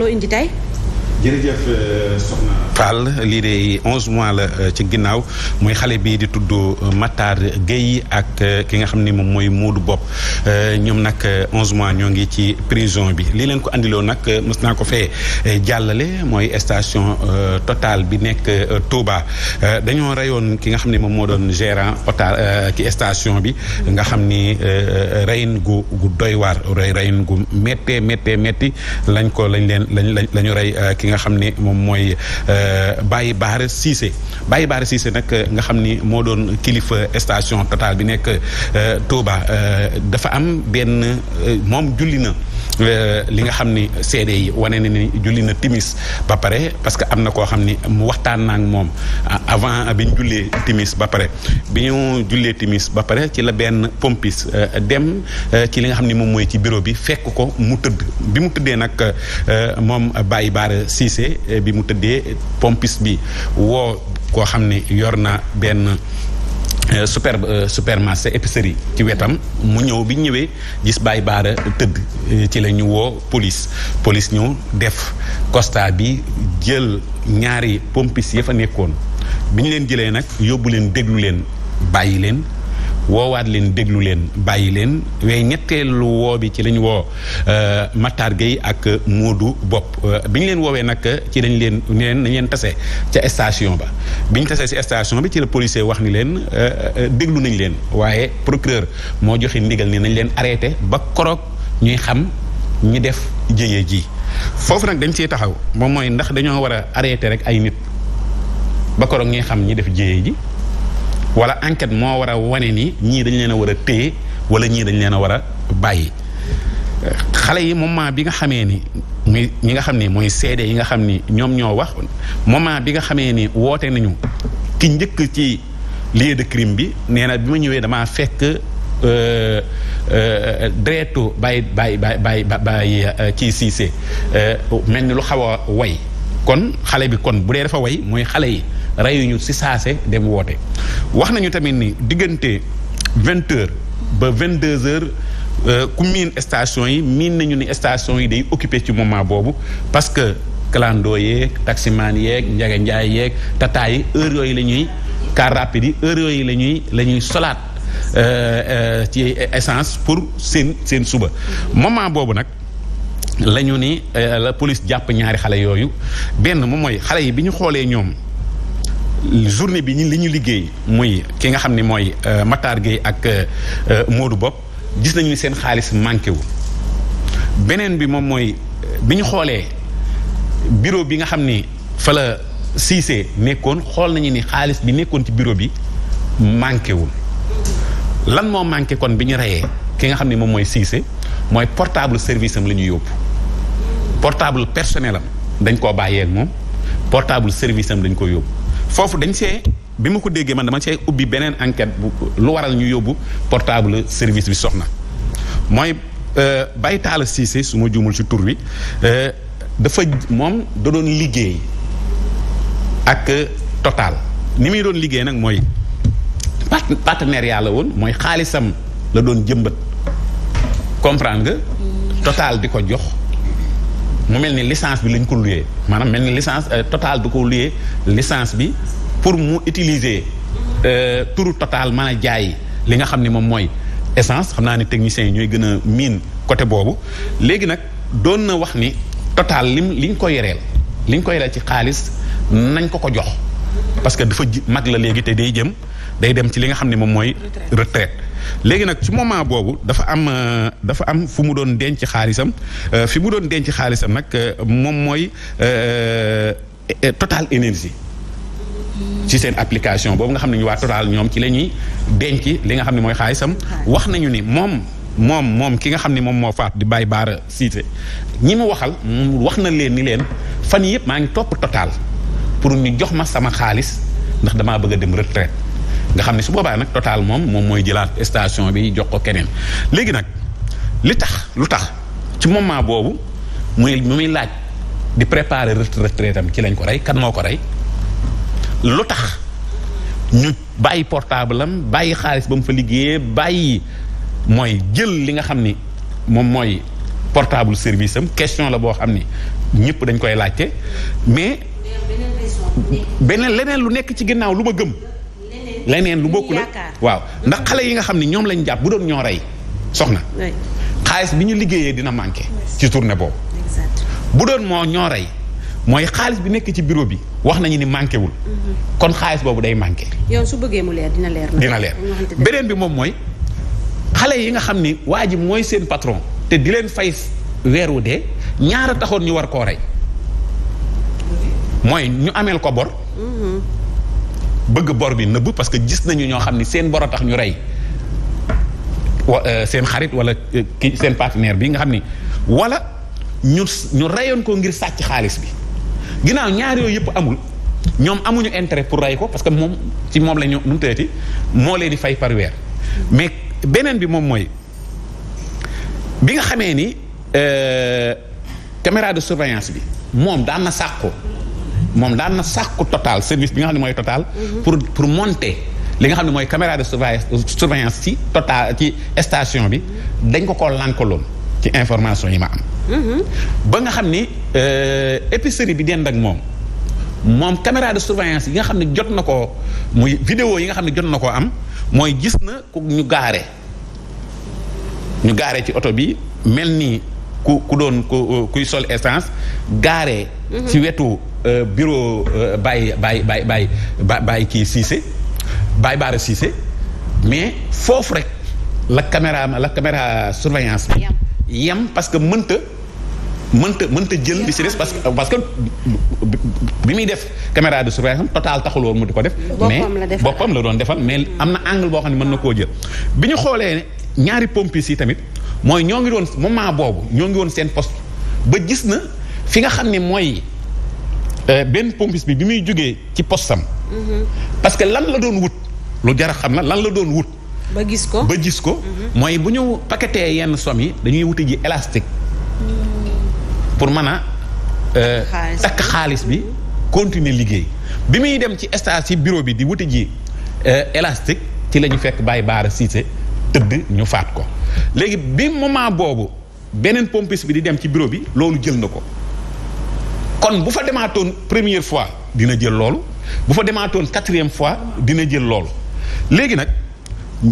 loo indi tey jërëjëf euh, soxna Fall lii de onze mois la euh, ci ginnaaw mooy xale bii di tudd euh, Matar Gueye ak ki nga xam ni moom mooy Moodu Bopp ñoom nag onze mois ñoo ngi ci prison bi lii leen ko andiloo nag mës naa ko fee jàllale mooy station Total bi nekk Touba dañoo reyoon ki nga xam ni moom moo doon gérant Total ki station bi nga xam ni reyin gu gu doy waar reyin gu méttee méttee métti lañ ko lañ leen lañu rey ki nga nga xam ni moom mooy euh, Baye Baara Cissé Baye Baara Cissé nag euh, nga xam ni moo doon kilifa station Total bi nekk euh, Touba dafa am benn moom julli na Euh, li nga xam ni seede yi wane na ni julli na timis ba pare parce que am na koo xam ni mu waxtaan naak moom ah, avant bi ñu jullee timis ba pare bi ñu jullee timis ba pare ci la benn pompis euh, dem euh, ci li nga xam ni moom mooy ci bureau bi fekk ko mu tëdd bi mu tëddee nag moom Baye Baara Cissé bi mu tëddee pompis bi woo koo xam ni yor na benn Euh, super euh, supermarché épicerie ci wetam mu ñëw bi ñëwee gis Baye Baara tëdd euh, ci la ñu woo police police ñëw def constat bi jël ñaari pompis ya fa nekkoon bi ñu leen jëlee nag yóbbu leen déglu leen bàyyi leen woowaat leen déglu leen bàyyi leen waaye ñetteelu woo bi ci lañ woo euh, Matar Gueye ak Moodu Bopp euh, bi ñu leen woowee nag ci lañ leen ni leen tase ca station ba bi ñu tasee si station bi ci la policier wax ni leen euh, déglu nañ leen waaye procureur moo joxe ndigal ni nañ leen arrêté ba koroog ñuy xam ñi def jëye ji foofu nag dañ ciy taxaw moom mooy ndax dañoo war a arrêté rek ay nit ba koroog ñuy xam ñi def jëye ji wala enquête moo war a wane ni ñii dañ leen a war a téye wala ñii dañ leen a war a bàyyi xale yi moment bi nga xamee ni muy ñi nga xam ni mooy seede yi nga xam ni ñoom ñoo wax moment bi nga xamee ni woote nañu ki njëkk ci lieu de crime bi nee na bi ma ñëwee damaa fekk euh, euh, dreetu bàyyi bàyyi bàyyi bàyyi euh, kii siise mel ni lu xaw a way kon xale bi kon bu dee dafa way mooy xale yi reyuñu si saase dem woote wax nañu tamit ni diggante vingt heures ba vingt deux heures euh, ku miin station yi miin nañu ni station yi day occupé ci moment boobu parce que clando yeeg taximaan yeeg njaga njaay yeeg tata yi heure yooyu la ñuy car rapide yi heure yooyu la ñuy la ñuy solaat euh, euh, ci essence pour seen seen suba moment boobu nag lañu ñu ni euh, la police jàpp ñaari xale yooyu benn moom mooy xale yi bi ñu xoolee ñoom journée bi ñi li ñu liggéey muy ki nga xam ni mooy euh, Matar Gueye ak euh, Modou Bopp gis nañu ni seen xaalis manqué wu beneen bi moom mooy bi ñu xoolee bureau bi nga xam ni fa la Cissé nekkoon xool nañu ni xaalis bi nekkoon ci bureau bi manqué wul lan moo manqué kon bi ñu reyee ki nga xam ne moom mooy Cissé mooy portable service am la ñu yóbbu portable personnel am dañ koo bàyyee moom portable service am dañ ko yóbbu foofu dañ see bi ma ko déggee man dama see ubbi beneen enquête bu lu waral ñu yóbbu portable service bi soxna mooy euh, Baye Talla Cissé su ma juumul ci tur bi euh, dafa moom da doon liggéey ak euh, Total ni muy doon liggéey nag mooy partenariat la woon mooy xaalisam la doon jëmbat comprendre nga. Mm. Total di ko jox. mu mel ni licence bi lañ ko luyee maanaam mel ni licence euh, total du ko luyee licence bi pour mu utiliser euh, turu total mën jaay li nga xam ni moom mooy essence xam naa ne techniciens yi ñooy gën a miin côté boobu léegi nag doon na wax ni total lim liñ ko yoreel liñ ko yoreel ci xaalis nañ ko ko jox parce que dafa mag la léegi te day jëm day dem ci li nga xam ne moom mooy retraite léegi nag ci moment boobu dafa am euh, dafa am fu mu doon denc xaalisam euh, fi mu doon denc xaalisam nag euh, moom mooy Total Énergie mm-hmm. ci seen application boobu nga xam ne ñu waa Total ñoom ci la ñuy denc li nga xam ne mooy xaalisam wax nañu ni moom moom moom ki nga xam ne moom moo faat di bàyyi baara siite ñi mu waxal wax na leen ni leen fan yëpp maa ngi topp Total pour ñu jox ma sama xaalis ndax damaa bëgg a dem retraite nga xam ne su boobaa nag total moom moom mooy jëlaat station bi jox ko keneen léegi nag li tax lu tax ci moment boobu muy muy laaj di préparer retraite am ci lañ ko rey kan moo ko rey lu tax ñu bàyyi portable am bàyyi xaalis ba mu fa liggéeyee bàyyi mooy jël li nga xam ni moom mooy portable service am question la boo xam ni ñëpp dañ koy laajte mais beneen leneen lu nekk ci ginnaaw lu ma gëm leneen lu bokk la waaw ndax xale yi nga xam ne ñoom lañ jàpp bu doon ñoo rey soxna xaalis bi ñu liggéeyee dina manqué ci tournée boobu bu doon moo ñoo rey mooy xaalis bi nekk ci bureau bi wax nañu ni manqué wul mhm. kon xaalis boobu day manqué su bëggee mu leer dina leer dina leer beneen bi moom mooy xale yi nga xam ni waa ji mooy seen patron te di leen fay weeru dee ñaara taxoon ñu war koo rey mooy ñu ameel ko bor mhm. bëgg bor bi nëbb parce que gis nañu ñoo xam ni seen bor a tax ñu rey wa euh, seen xarit wala euh, ki seen partenaire bi nga xam ni wala ñu ñu reyoon ko ngir sàcc xaalis bi ginnaaw ñaar yooyu yëpp amul ñoom amuñu intérêt pour rey ko parce que moom ci moom la ñu nu mu tëddati moo leen di fay par mais beneen bi moom mooy bi nga xamee ni euh, caméra de surveillance bi moom daan na sàq moom daan na sàkku total service bi nga xam ne mooy total. Mhm. pour pour monter li nga xam ne mooy caméra de surveillance ci total ci estation bi dañ ko koo lànkaloon ci information yi ma am. Mhm. ba nga xam ni euh, épicerie bi dend ak moom moom caméra de surveillance yi nga xam ne jot na ko muy vidéo yi nga xam ne jot na koo am mooy gis na ku ñu gaare ñu gaare ci oto bi mel nii. ku ku doon ku kuy sol essence gaare mhm. ci wetu euh, bureau euh, Baye Baye Baye Baye Baye kii Cissé Baye Baara Cissé mais foofu rek la caméra la caméra surveillance bi yem parce que mënta mënta mënta jël li si des parce que parce que bi muy def caméra de surveillance total taxul woon mu di ko def mais boppam la doon defal mais am na angle boo xam ne mën na koo jël bi ñu xoolee ñaari pompis yi tamit mooy ñoo ngi doon moment boobu ñoo ngi woon seen poste ba gis na fi nga xam ni mooy euh, benn pompiste bi bi muy jógee ci postam mhm. parce que lan la doon wut lu jar a xam na lan la doon wut. ba gis ko ba gis ko. Mhm. mooy bu ñu paquetee yenn somme yi dañuy wuti ji élastique. Mm. pour mën a. Euh, takk xaalis bi mhm. continuer liggéey. bi muy dem ci stage ci bureau bi di wuti ji euh, élastique ci la ñu fekk Baye Baara Cissé. tëdd ñu faat ko léegi bi moment boobu beneen pompiste bi di dem ci bureau bi loolu jël na ko kon bu fa demaatoon première fois dina jël loolu bu fa demaatoon quatrième fois dina jël loolu léegi nag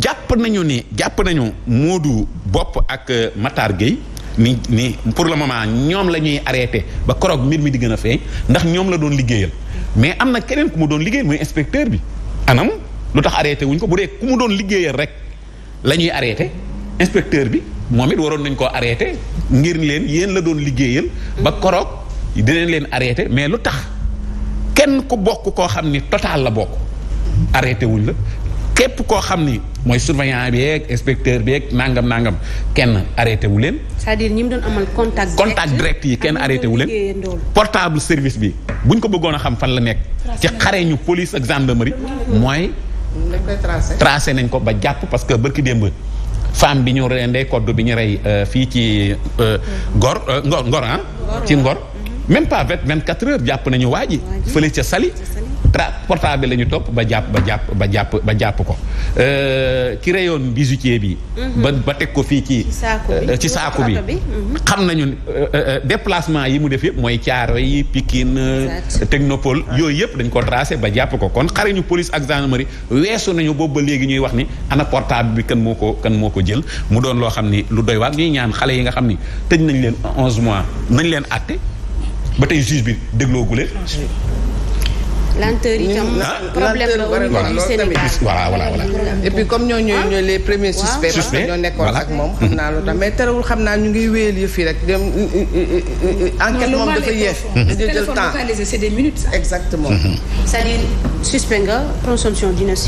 jàpp nañu ni jàpp nañu Modou Bopp ak euh, Matar Gueye ni ni pour la moment ñoom la ñuy arrêté ba koroog mbir mi di gën a feeñ ndax ñoom la doon liggéeyal mais am na keneen ku mu doon liggéeyal muy inspecteur bi anam lu tax arrêté wuñ ko bu dee ku mu doon liggéeyal rek la ñuy arrêté inspecteur bi moom it waroon nañ koo arrêté ngir leen yéen la doon liggéeyal ba koroog dinañ leen arrêté mais lu tax kenn ko bokk koo xam ni total la bokk arrêté wuñ la képp koo xam ni mooy surveillant bi ak inspecteur bi ak nangam nangam kenn arrêté wu leen. c'est-à-dire ñi mu doon amal contact. contact direct yi kenn arrêté wu leen. portable service bi buñ ko bëggoon a xam fan la nekk. ci xare ñu police ak gendarmerie mooy. dañ koy tracé. tracé nañ ko ba jàpp parce que bërki démb femme bi ñu rey ndey kodd bi ñu rey euh, fii ci euh, gor euh, Ngor Ngor ah. ci Ngor mhm. même pas vingt vingt quatre heures jàpp nañu waa ji. fële ca Saly. tra portable la ñu topp ba jàpp ba jàpp ba jàpp ba jàpp ko ki euh, rayoon bijoutier bi. Mhm. ba ba teg ko fii ci. ci saako bi euh, mhm. xam nañu euh, déplacement yi mu def yëpp mooy caaro yi Pikine. technopole yooyu yëpp dañ ko tracé ba jàpp ko kon xariñu police ak gendarmerie weesu nañu boobu ba léegi ñuy wax ni ana portable bi kan moo ko kan moo ko jël mu doon loo xam ni lu doy waar ñuy ñaan xale yi nga xam ni tëj nañ leen 11 mois nañ leen àtte ba tey juge bi dégloo gu lenteur itam ah, problème la au niveau du Sénégal voilà voilà voilà et puis comme ñoo ñooy ñooy les premiers suspects parce que ñoo nekkoon ak moom xam mm-hmm. mais terewul xam naa ñu ngi wéyal yëf rek dem moom dafa yeef dañu jël temps c'est des ci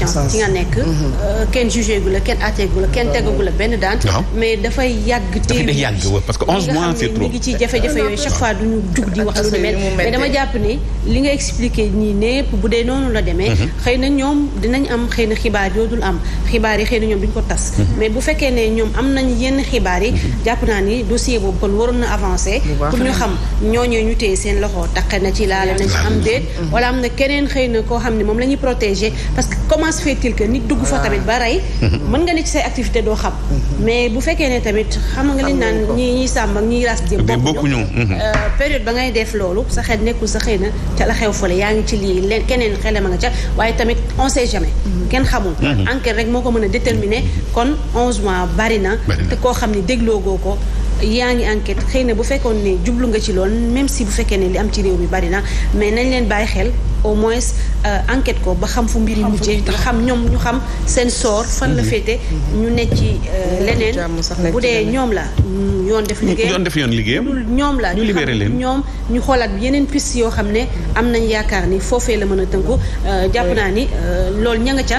mm-hmm. nga nekk mm-hmm. euh, kenn jugé gu la kenn àttee la kenn tegagu la benn daan mais dafay yàgg tey parce que onze mois chaque fois duñu jug di ah, wax lu mel mais dama jàpp ne li nga expliqué nii yëpp bu dee noonu la demee mhm. xëy na ñoom dinañ am xëy na xibaar yoodul am xibaar yi xëy na ñoom duñ ko tas mhm. mais bu fekkee ne ñoom am nañ yenn xibaar yi mhm. jàpp naa ni dossier boobu kon waroon na avancé pour ñu xam ñooñee ñu téye seen loxo taqe na ci laale na am déet wala am na keneen xëy na koo xam ne moom la ñuy protégé parce que comment se fait-il nit dugg fa tamit ba rey mën nga ne ci say doo xam mais bu fekkee ne tamit xam nga li naan ñi ñuy sàmm ak ñiy raas jëm bokkuñu euh, période ba ngay def loolu sa xel nekkul sa xëy na ca la xew fële yaa ngi ci lii leen keneen xelam a nga ca waaye tamit on sait jamais mhm. kenn xamul mhm. enquête rek moo ko mën a déterminer kon onze mois bari na te koo xam ni dégloo goo ko yaa ngi enquête xëy na bu fekkoon ne jublu nga ci lool même si bu fekkee ne li am ci réew mi bari na mais nañ leen bàyyi xel au moins euh, enquête ko ba xam fu mbir yi mujjee nga xam ñoom ñu xam seen sor fan la mhm. féete ñu euh, nekk ci leneen bu dee ñoom la yoon def liggéeyam ñoom la ñu libéré leen ñoom ñu xoolaat yeneen piste yoo xam ne am nañ yaakaar ni foofee la mën a tënku euh, jàpp naa ni loolu ña nga ca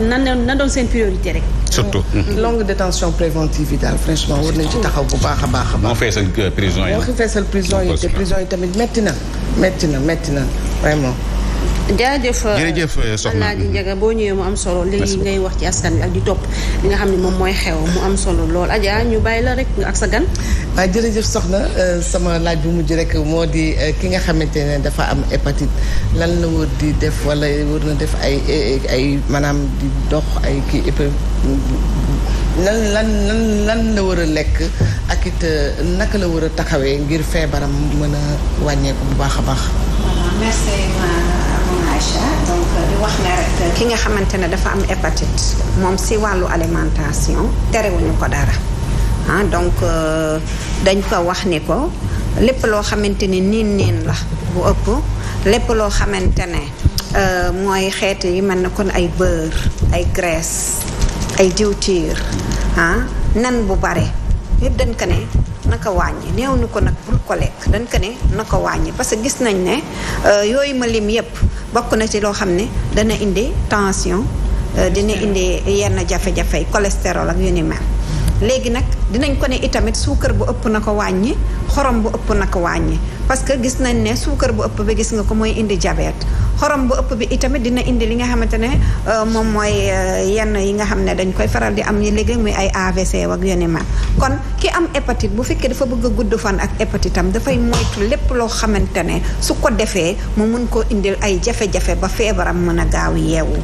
na na doon seen priorité rek surtout. Mmh. longue détention préventive yi daal franchement war nañ ci taxaw bu baax a baax a baax. moo feesal euh, prison yi moo feesal prison yi te prison yi tamit metti na metti na metti na vraiment. jaajëf euh, jërëjëf euh, soxna Alaaji Njaga boo ñëwee mu am solo léegi ngay wax ci askan bi ak di topp li nga xam ne moom mooy xew mu am solo lool Adja ñu bàyyi la rek ak sa gan waaw ah, jërëjëf soxna euh, sama laaj bu mujj rek moo di ki nga xamante ne dafa am hépatite lan la wër di def wala wër def ay ay maanaam di dox ay kii lan lan lan lan la war a lekk ak it naka la war a taxawee ngir feebaram mën a wàññeeku bu baax a baax Euh, euh, ki nga xamante ne dafa am hépatite moom si wàllu alimentation terewuñu ko dara ah donc euh, dañ ko wax ni ko lépp loo xamante ni niin niin la bu ëpp lépp loo xamante ne mooy xeet yi mel na kon ay beurre ay graisse ay diwtiir ah nan bu bare yëpp dañ ko ne naka wàññi néew ñu ko nag bul ko lekk dañ ko ne naka wàññi parce que gis nañ ne yooyu ma lim yëpp bokk na ci loo xam ne dana indi tension euh, dina indi yenn jafe-jafe cholestérol ak yu ni mel léegi nag dinañ kone ne itamit suukar bu ëpp na ko wàññi xorom bu ëpp na ko wàññi parce que gis nañ ne suukar bu ëpp ba gis nga ko mooy indi diabète xorom bu ëpp bi itamit dina indi li nga xamante ne euh, moom mooy euh, yenn yi nga xam ne dañ koy faral di am yi léegi muy ay AVC wak yone man kon ki am hépatite bu fekkee dafa bëgg a gudd fan ak hépatite am dafay moytu lépp loo xamante ne su ko defee mu mun koo indil ay jafe-jafe ba feebaram mën a gaaw yeewu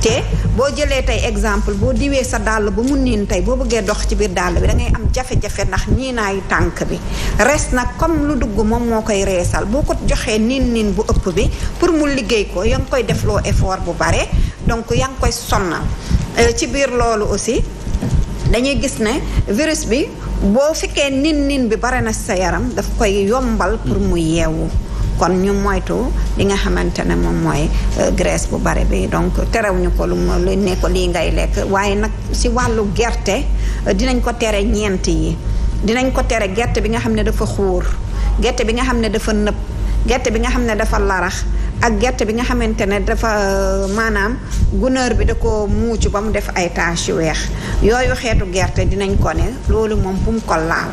te boo jëlee tey exemple boo diwee sa dàll ba mu niin tey boo bëggee dox ci biir dàll bi da am jafe-jafe ndax nii naayu tànk bi res nag kom lu dugg moom moo koy reesal boo ko joxee niin niin ëpp bi pour mu liggéey liggéey ko yaa ngi koy defloo effort bu bare donc yaa ngi koy sonnal euh, ci biir loolu aussi dañuy gis ne virus bi boo fekkee nin nin bi bare na sa yaram daf koy yombal pour mu yeewu kon ñu moytu li nga xamante ne moom mooy euh, graisse bu bare bi donc terewuñu ko lu lu ne ko lii ngay lekk waaye nag si wàllu gerte euh, dinañ ko tere ñeent yi dinañ ko tere gerte bi nga xam ne dafa xuur gerte bi nga xam ne dafa nëb gerte bi nga xam ne dafa larax ak gerte bi nga xamante ne dafa euh, maanaam gunóor bi da ko muucu ba mu def ay taches yu weex yooyu xeetu gerte dinañ ko ne loolu moom bu mu ko laal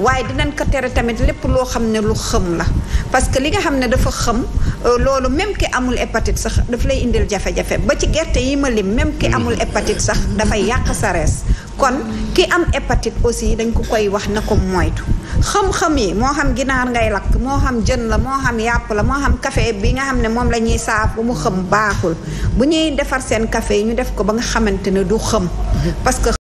waaye dinañ ko tere tamit lépp loo xam ne lu xëm la parce que li nga xam ne dafa xëm euh, loolu même ki amul hépatite sax daf lay indil jafe-jafe ba ci gerte yi ma lim même ki amul hépatite sax dafay yàq sa rees kon ki am hépatite aussi dañ ko koy wax na ko moytu xam-xam yi moo xam ginaar ngay lakk moo xam jën la moo xam yàpp la moo xam café bi nga xam ne moom la ñuy saaf bu mu xëm baaxul bu ñuy defar seen kafe yi ñu def ko ba nga xamante ne du xëm parce